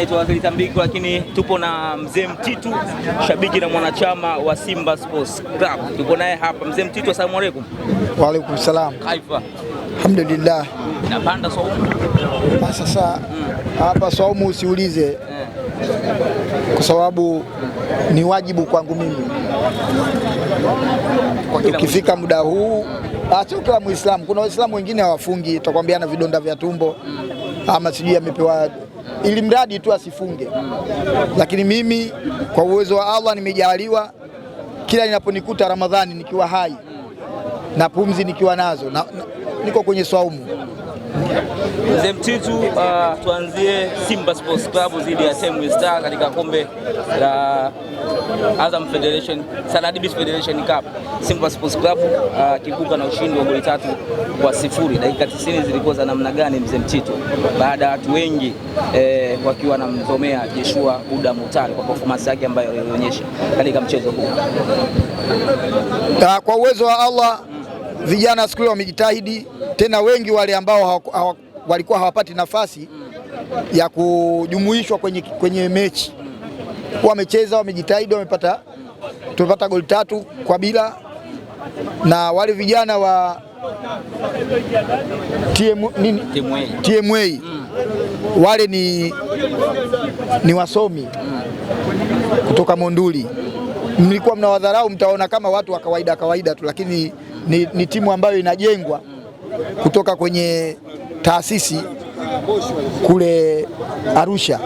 naitwa Athletic lakini tupo na mzee Mtitu, shabiki na mwanachama wa Simba Sports Club. Tupo naye hapa mzee Mtitu, asalamu alaykum. Wa alaykum salam. Kaifa? Alhamdulillah. Napanda saumu. Ah, sasa hmm. hapa saumu usiulize eh, kwa sababu ni wajibu kwangu mimi ukifika muda huu, ah, sio kila Muislamu. Kuna Waislamu wengine hawafungi, utakwambia na vidonda vya tumbo hmm. ama sijui amepewa ili mradi tu asifunge. Lakini mimi kwa uwezo wa Allah nimejaliwa kila inaponikuta Ramadhani nikiwa hai na pumzi nikiwa nazo na, na, niko kwenye swaumu. Mzee Mtitu, uh, tuanzie Simba Sports Club dhidi ya Taimu Star katika kombe la Azam Federation, Saladibis Federation Cup. Simba Sports Club uh, kibuka na ushindi wa goli tatu kwa sifuri. Dakika 90 zilikuwa za namna gani Mzee Mtitu, baada ya watu wengi eh, wakiwa wanamzomea Jeshua Buda Mutale kwa performance yake ambayo alionyesha katika mchezo huu? Ah, kwa uwezo wa Allah vijana siku hiyo wamejitahidi, tena wengi wale ambao hawa, hawa, walikuwa hawapati nafasi ya kujumuishwa kwenye, kwenye mechi wamecheza, wamejitahidi, wamepata tumepata goli tatu kwa bila, na wale vijana wa TM, nini? TMA, TMA. Mm. Wale ni, ni wasomi mm. kutoka Monduli. Mlikuwa mnawadharau mtaona kama watu wa kawaida kawaida tu, lakini ni, ni timu ambayo inajengwa kutoka kwenye taasisi kule Arusha.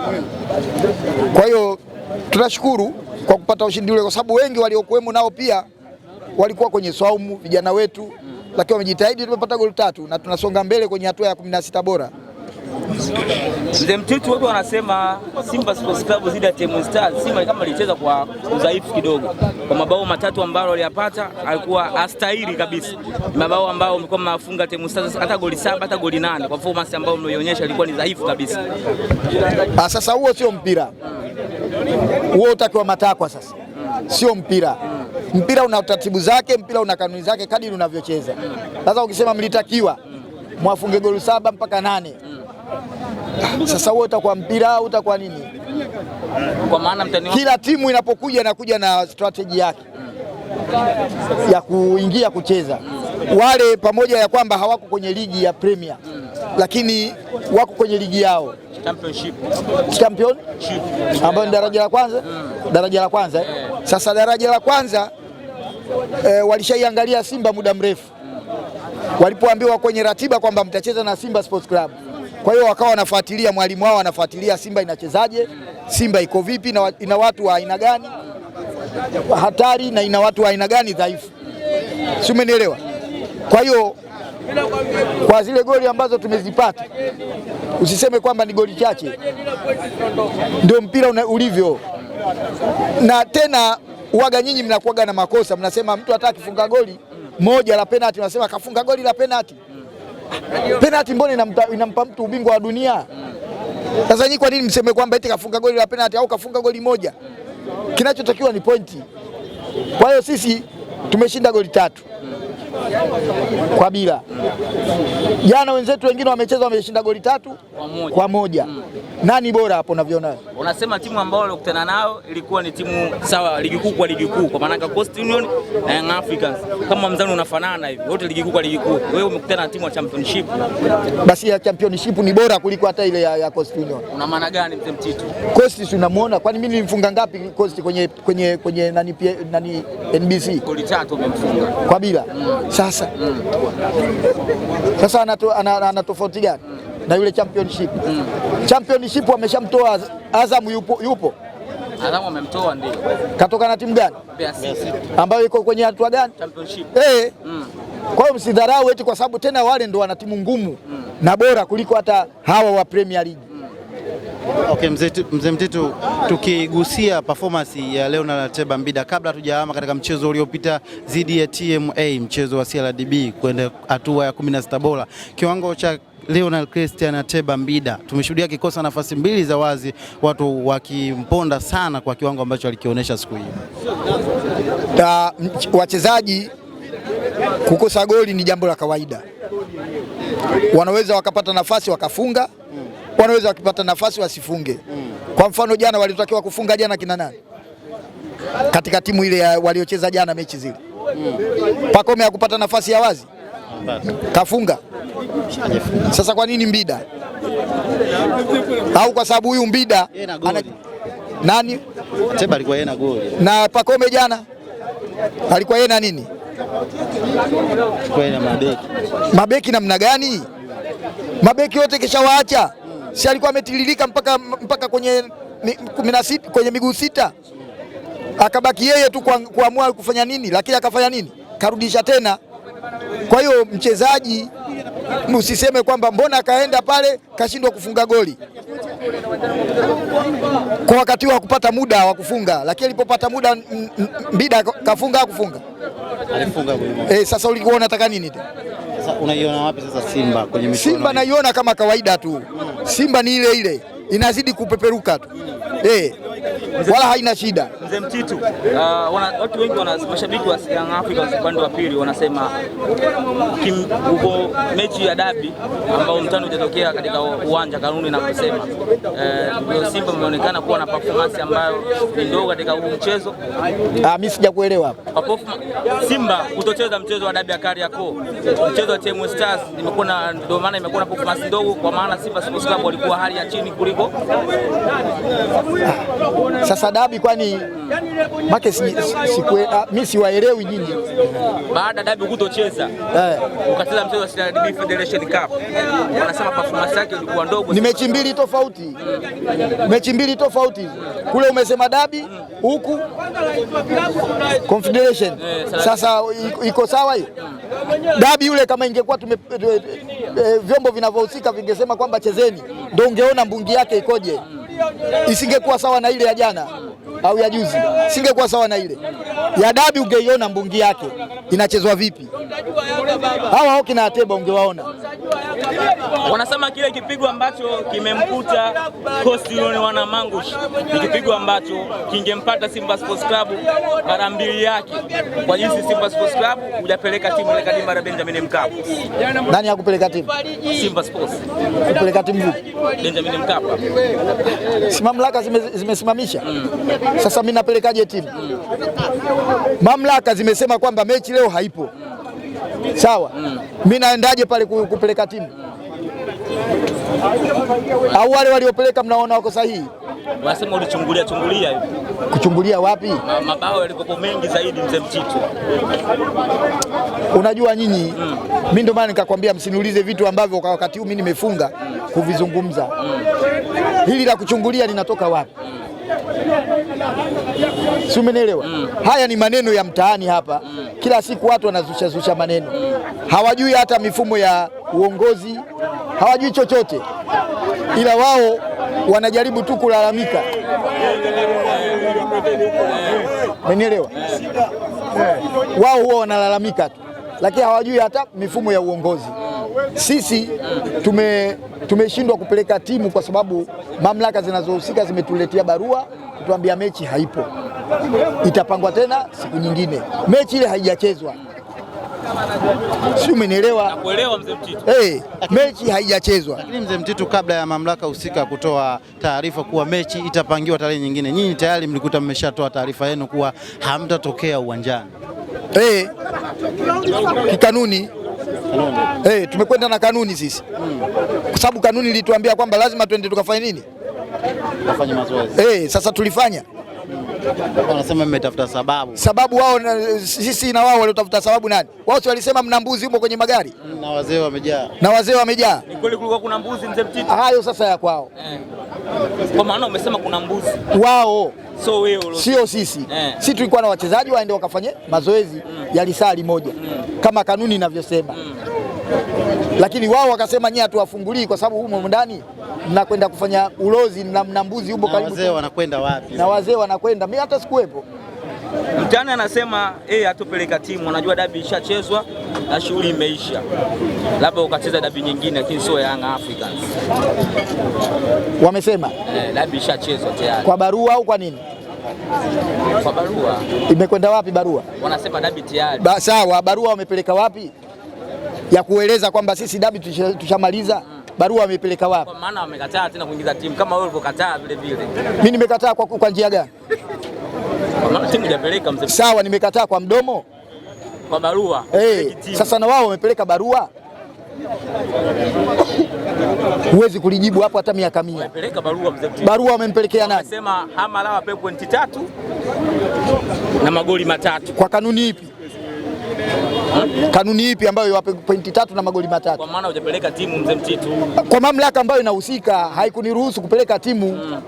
Kwa hiyo tunashukuru kwa kupata ushindi ule, kwa sababu wengi waliokuwemo nao pia walikuwa kwenye swaumu, vijana wetu, lakini wamejitahidi. Tumepata goli tatu na tunasonga mbele kwenye hatua ya kumi na sita bora. Mzee Mtutu, watu wanasema Simba Sports Club zidi ya Taimu Stars, Simba kama alicheza kwa udhaifu kidogo, kwa mabao matatu ambayo aliyapata alikuwa astahili kabisa, mabao ambayo umekuwa mnafunga Taimu Stars hata goli saba hata goli nane, kwa performance ambayo mlioionyesha ilikuwa ni dhaifu kabisa. Ah, sasa huo sio mpira huo, utakiwa matakwa sasa, sio mpira mpira una taratibu zake, mpira una kanuni zake kadiri unavyocheza. Sasa ukisema mlitakiwa mwafunge goli saba mpaka nane sasa wewe utakuwa mpira au utakuwa nini? Kwa maana mtani wako kila timu inapokuja inakuja na strategy yake ya kuingia kucheza. Wale pamoja ya kwamba hawako kwenye ligi ya Premier lakini wako kwenye ligi yao championship, champion ambayo ni daraja la kwanza mm. daraja la kwanza eh? Eh. Sasa daraja la kwanza e, walishaiangalia Simba muda mrefu walipoambiwa kwenye ratiba kwamba mtacheza na Simba Sports Club kwa hiyo wakawa wanafuatilia, mwalimu wao anafuatilia Simba inachezaje, Simba iko vipi na ina watu wa aina gani hatari na ina watu wa aina gani dhaifu, si umenielewa? Kwa hiyo kwa zile goli ambazo tumezipata usiseme kwamba ni goli chache, ndio mpira ulivyo. Na tena uwaga, nyinyi mnakuwaga na makosa, mnasema mtu hata akifunga goli moja la penati, unasema kafunga goli la penati penalty mbona inampa, mtu ubingwa wa dunia? Sasa nyinyi kwa nini mseme kwamba eti kafunga goli la penalty au kafunga goli moja? Kinachotakiwa ni pointi. Kwa hiyo sisi tumeshinda goli tatu kwa bila. Jana wenzetu wengine wamecheza wameshinda goli tatu kwa moja, kwa moja. Mm. Nani bora hapo unavyoona? Unasema timu ambayo walikutana nao ilikuwa ni timu sawa ligi kuu kwa ligi kuu, kwa maana Coast Union na Young Africans kama mzani unafanana hivi, wote ligi kuu kwa ligi kuu. Wewe umekutana na timu ya championship, basi ya championship ni bora kuliko hata ile ya, ya Coast Union. Una maana gani mzee Mtitu? Coast unamuona, kwani mimi nilimfunga ngapi Coast kwenye, kwenye, kwenye nani, nani NBC? Goli tatu umemfunga kwa bila mm. Sasa sasa ana tofauti gani na yule championship? Mm. Championship wameshamtoa Azamu, yupo yupo Azamu amemtoa ndio. Katoka na timu gani ambayo iko kwenye hatua gani? Championship. Eh. Mm. Kwa hiyo msidharau eti kwa sababu tena wale ndo wana timu ngumu mm. na bora kuliko hata hawa wa Premier League. Okay, mzee mtitu tukigusia performance ya leo na Teba Mbida, kabla hatujahama katika mchezo uliopita dhidi ya TMA, mchezo wa CRDB kwenda hatua ya 16 bora, kiwango cha Leonel Christian Ateba Mbida tumeshuhudia kikosa nafasi mbili za wazi, watu wakimponda sana kwa kiwango ambacho alikionyesha siku hiyo. Wachezaji kukosa goli ni jambo la kawaida, wanaweza wakapata nafasi wakafunga wanaweza wakipata nafasi wasifunge. Mm. Kwa mfano jana walitakiwa kufunga jana kina nani katika timu ile waliocheza jana mechi zile mm. Pakome hakupata nafasi ya wazi kafunga. Sasa kwa nini Mbida? Au kwa sababu huyu Mbida ana nani? Teba alikuwa yeye na goli. Na Pakome jana alikuwa yeye na nini? Mabeki namna gani? Mabeki wote kisha waacha si alikuwa ametiririka mpaka, mpaka kwenye, kwenye miguu sita, akabaki yeye tu kuamua kufanya nini, lakini akafanya nini? Karudisha tena. Kwa hiyo mchezaji, usiseme kwamba mbona akaenda pale kashindwa kufunga goli kwa wakati wa kupata muda wa kufunga, lakini alipopata muda Mbida kafunga kufunga alifunga. E, sasa ulikuwa unataka nini? Sasa unaiona wapi sasa Simba kwenye michuano? Simba naiona kama kawaida tu Simba ni ile ile, inazidi kupeperuka tu eh wala haina shida. Mzee Mtitu, uh, watu wengi wana mashabiki wa Young Africans upande wa pili wanasema huko mechi ya dabi ambao mtano utatokea katika uwanja kanuni na kusema uh, Simba imeonekana kuwa na performance ambayo ni ndogo katika huu mchezo. Ah, mimi sijakuelewa. Simba kutocheza mchezo wa dabi ya Kariakoo, mchezo wa Team Stars imekuwa na ndio maana imekuwa na performance ndogo, kwa maana Simba Sports Club walikuwa hali ya chini kuliko sasa dabi kwani make si, si, ah, mi siwaelewi nyinyi. Baada dabi kutocheza eh. ukacheza mchezo wa CRDB Federation Cup, wanasema performance yake ilikuwa ndogo. Ni mechi mbili tofauti, mechi mbili tofauti. Kule umesema dabi, huku Confederation. Eh, Sasa iko sawa hiyo dabi yule, kama ingekuwa tume eh, vyombo vinavyohusika vingesema kwamba chezeni, ndio ungeona mbungi yake ikoje isingekuwa sawa na ile ya jana au ya juzi, isingekuwa sawa na ile ya dabi, ungeiona mbungi yake inachezwa vipi? Hawa Oki na Ateba ungewaona wanasema kile kipigo ambacho kimemkuta wana Mangush ni kipigo ambacho kingempata Simba Sports Club mara mbili yake, kwa jinsi Simba Sports Club hujapeleka timu ile kadimba la Benjamin Mkapa. Nani hakupeleka timu? Simba Sports kupeleka timu Benjamin Mkapa, si mamlaka zimesimamisha? mm. Sasa mimi napelekaje timu? mm. Mamlaka zimesema kwamba mechi leo haipo sawa, mimi naendaje pale kupeleka timu? Au wale waliopeleka mnaona wako sahihi? Wasema ulichungulia chungulia, kuchungulia wapi? Mabao yalikuwa mengi zaidi, mzee Mtito. Unajua nyinyi, mm. Mimi ndio maana nikakwambia msiniulize vitu ambavyo kwa wakati huu mimi nimefunga kuvizungumza. Mm. Hili la kuchungulia linatoka wapi? Mm si umenielewa? mm. Haya ni maneno ya mtaani hapa mm. Kila siku watu wanazushazusha maneno mm. Hawajui hata mifumo ya uongozi, hawajui chochote, ila wao wanajaribu tu kulalamika. Umenielewa? Eh. Wao huwa wanalalamika tu lakini hawajui hata mifumo ya uongozi. Sisi tume tumeshindwa kupeleka timu kwa sababu mamlaka zinazohusika zimetuletea barua kutuambia mechi haipo, itapangwa tena siku nyingine. Mechi ile haijachezwa, si umenielewa? Nakuelewa mzee Mtitu. Hey, eh, mechi haijachezwa. Lakini mzee Mtitu, kabla ya mamlaka husika kutoa taarifa kuwa mechi itapangiwa tarehe nyingine, nyinyi tayari mlikuta mmeshatoa taarifa yenu kuwa hamtatokea uwanjani eh, kikanuni eh, tumekwenda na kanuni sisi hmm. Kwa sababu kanuni ilituambia kwamba lazima twende tukafanye nini, tukafanye mazoezi eh, sasa tulifanya Wanasema mmetafuta sababu. Sababu wao na sisi na wao waliotafuta sababu nani? Wao si walisema mna mbuzi umo kwenye magari mm, na wazee wamejaa. Na wazee wamejaa. Ni kweli kulikuwa kuna mbuzi mzee Mtiti? Hayo sasa ya kwao. Eh. Kwa maana umesema kuna mbuzi. Wao. So wewe sio sisi. Eh. Sisi tulikuwa na wachezaji waende wakafanye mazoezi mm. ya lisali moja mm. kama kanuni inavyosema mm lakini wao wakasema nyie hatuwafungulii kwa sababu humo ndani mnakwenda kufanya ulozi na mnambuzi mbuzi huko karibu. Wazee wanakwenda wapi? Na wazee wanakwenda, mimi hata sikuwepo. Mtani anasema yeye hatupeleka timu, anajua dabi ishachezwa na shughuli imeisha, labda ukacheza dabi nyingine, lakini sio Young Africans. Wamesema eh, dabi ishachezwa tayari. Kwa barua au kwa nini? Kwa barua. Imekwenda wapi barua? Wanasema dabi tayari. Sawa, barua wamepeleka wapi? ya kueleza kwamba sisi dabi tushamaliza tusha barua wamepeleka wapi? Kwa maana wamekataa tena kuingiza timu kama wewe ulivyokataa vile vile. Mimi nimekataa kwa, kwa njia gani? Kwa maana timu hajapeleka mzee. Sawa, nimekataa kwa mdomo kwa barua. Hey, eh, sasa na wao wamepeleka barua huwezi kulijibu hapo hata miaka mia. Barua mzee. Barua wamempelekea nani? Wamesema Hamala apewe pointi tatu na magoli matatu. Kwa kanuni ipi? Kanuni ipi ambayo iwape pointi tatu na magoli matatu? Kwa maana hujapeleka timu mzee Mtitu. Kwa mamlaka ambayo inahusika haikuniruhusu kupeleka timu mm.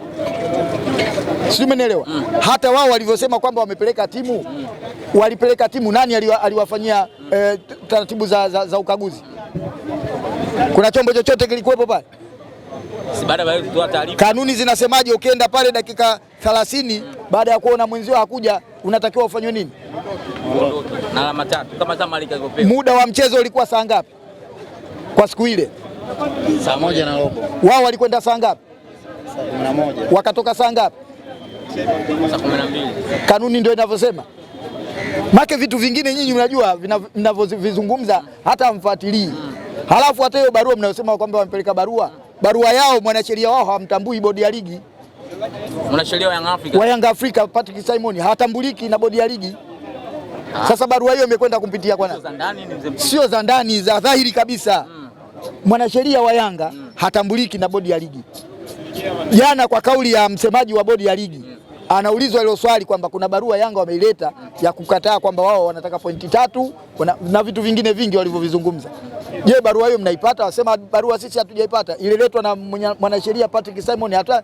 Sijui umenielewa mm. Hata wao walivyosema kwamba wamepeleka timu mm. Walipeleka timu nani aliwafanyia mm. eh, taratibu za, za, za ukaguzi? Kuna chombo chochote kilikuwepo pale? Kanuni zinasemaje? Ukienda pale dakika 30 mm. baada ya kuona mwenzio hakuja unatakiwa ufanywe nini? Na alama tatu kama Zamalek alivyopewa. Muda wa mchezo ulikuwa saa ngapi kwa siku ile? Saa moja na robo. Wao walikwenda saa ngapi? Saa kumi na moja. Wakatoka saa ngapi? Saa kumi na mbili. Kanuni ndio inavyosema. Make vitu vingine nyinyi mnajua mnavyovizungumza hata hamfuatilii. Halafu hata hiyo barua mnayosema kwamba wamepeleka barua, barua yao mwanasheria wao hawamtambui bodi ya ligi mwanasheria wa Young Africa Patrick Simon hatambuliki na bodi ya ligi. Ah. Sasa barua hiyo imekwenda kumpitia kwa nani? Sio za ndani, za dhahiri kabisa hmm. Mwanasheria wa Yanga hmm. hatambuliki na bodi ya ligi. Jana kwa kauli ya msemaji wa bodi ya ligi hmm. anaulizwa hilo swali kwamba kuna barua Yanga wameileta ya kukataa kwamba wao wanataka pointi tatu na, na vitu vingine vingi walivyovizungumza. Je, barua hiyo mnaipata? Wasema barua sisi hatujaipata, ililetwa na mwanasheria Patrick Simon hata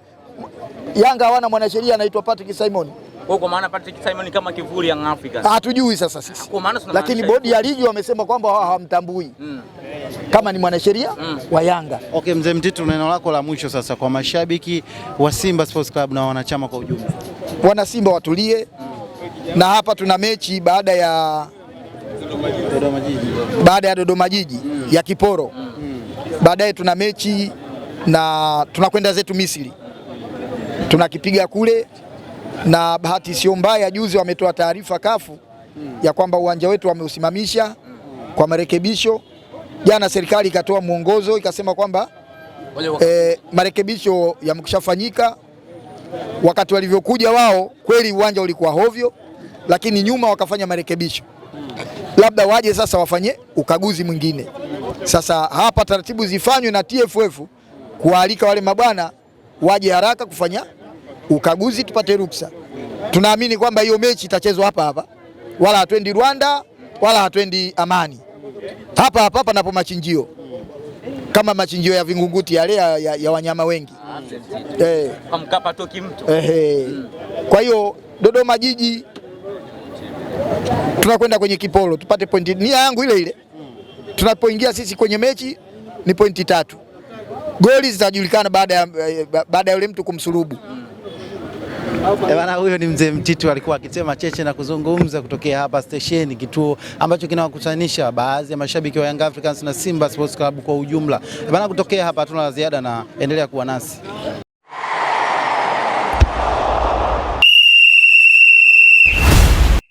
Yanga hawana mwanasheria anaitwa Patrick Simon. Kwa maana Patrick Simon kama kivuli ya Afrika. Hatujui sasa sisi. Ah, Lakini bodi ya ligi wamesema kwamba hawamtambui mm. kama ni mwanasheria mm. wa Yanga. Okay, mzee Mtitu, neno lako la mwisho sasa kwa mashabiki wa Simba Sports Club na wanachama kwa ujumla. Wana Simba watulie mm. na hapa tuna mechi baada ya Dodoma Jiji, baada ya Dodoma Jiji mm. ya Kiporo mm. baadaye tuna mechi na tunakwenda zetu Misri tunakipiga kule, na bahati sio mbaya, juzi wametoa taarifa kafu ya kwamba uwanja wetu wameusimamisha kwa marekebisho. Jana serikali ikatoa mwongozo ikasema kwamba e, marekebisho yamekushafanyika. Wakati walivyokuja wao, kweli uwanja ulikuwa hovyo, lakini nyuma wakafanya marekebisho, labda waje sasa wafanye ukaguzi mwingine. Sasa hapa taratibu zifanywe na TFF kuwaalika wale mabwana waje haraka kufanya ukaguzi tupate ruksa. Tunaamini kwamba hiyo mechi itachezwa hapa hapa, wala hatwendi Rwanda wala hatwendi Amani, hapa hapa panapo machinjio kama machinjio ya Vingunguti yale ya, ya, ya wanyama wengi eh, Mkapa toki mtu eh. Kwa hiyo Dodoma Jiji tunakwenda kwenye kipolo tupate pointi. Nia yangu ile ile, tunapoingia sisi kwenye mechi ni pointi tatu. Goli zitajulikana baada ya eh, baada ya yule mtu kumsulubu. Eh, Bwana huyo ni mzee Mtitu, alikuwa akisema cheche na kuzungumza kutokea hapa stesheni, kituo ambacho kinawakutanisha baadhi ya mashabiki wa Young Africans na Simba Sports Club kwa ujumla. Eh, Bwana, kutokea hapa hatuna la ziada, na endelea kuwa nasi.